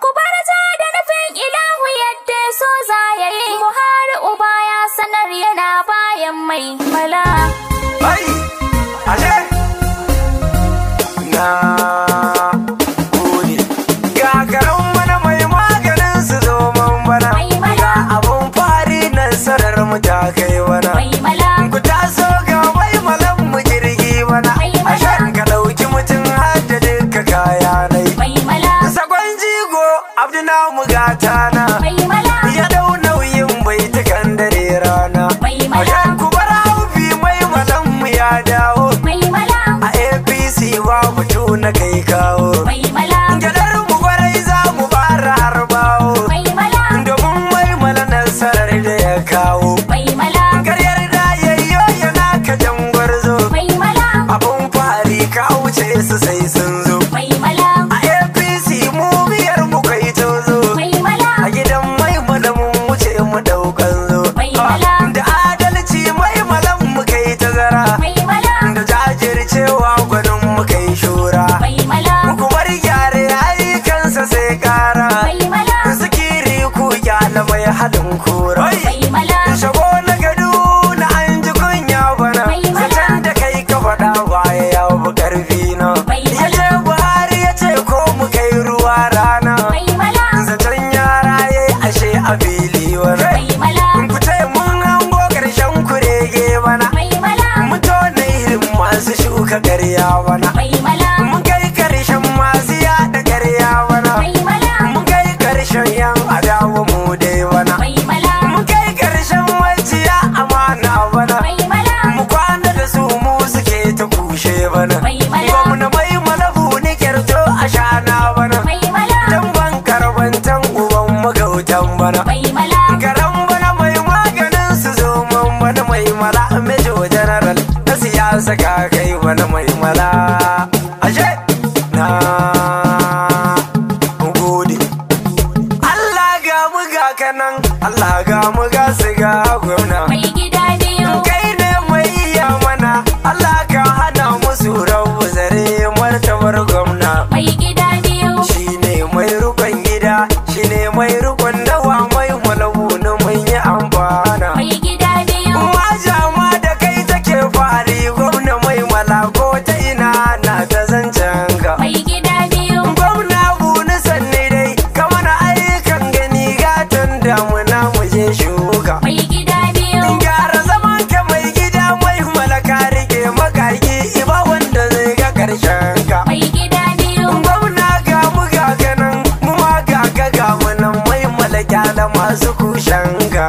Ku bar da nufin ilahu yadda so zayaye buhari uba ya sanar yana bayan mai mala. Na gode. Ga mana mai maganin su zo bana. Ga abun fari nan sarar mu ta kai. Mu mun kai karshen maziya da karya bana mun kai karshen yan adawa mu dai bana mun kai karshen wajiya amana bana mu kwana da su mu suke ta kushe bana gwamna mai malabu ni a shana bana dan ban uban magautan bana garan bana mai maganin su zo man bana mai mala mejo general na siyasa ka kai bana mai kammala da masu kushen ga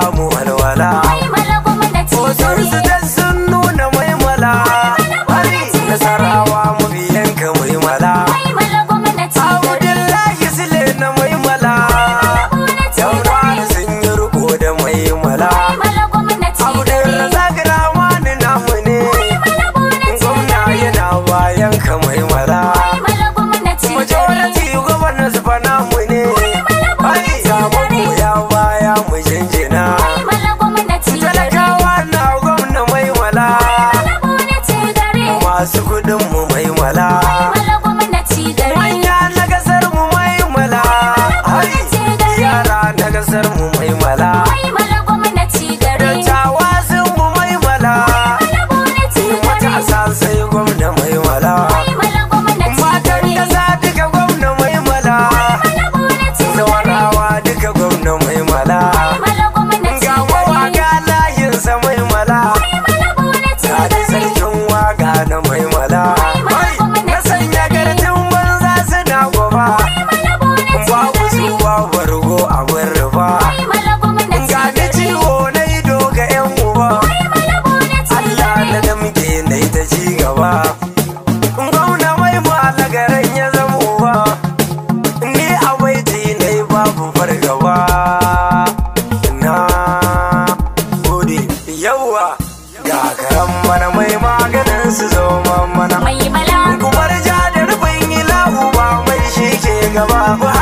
calmo gaba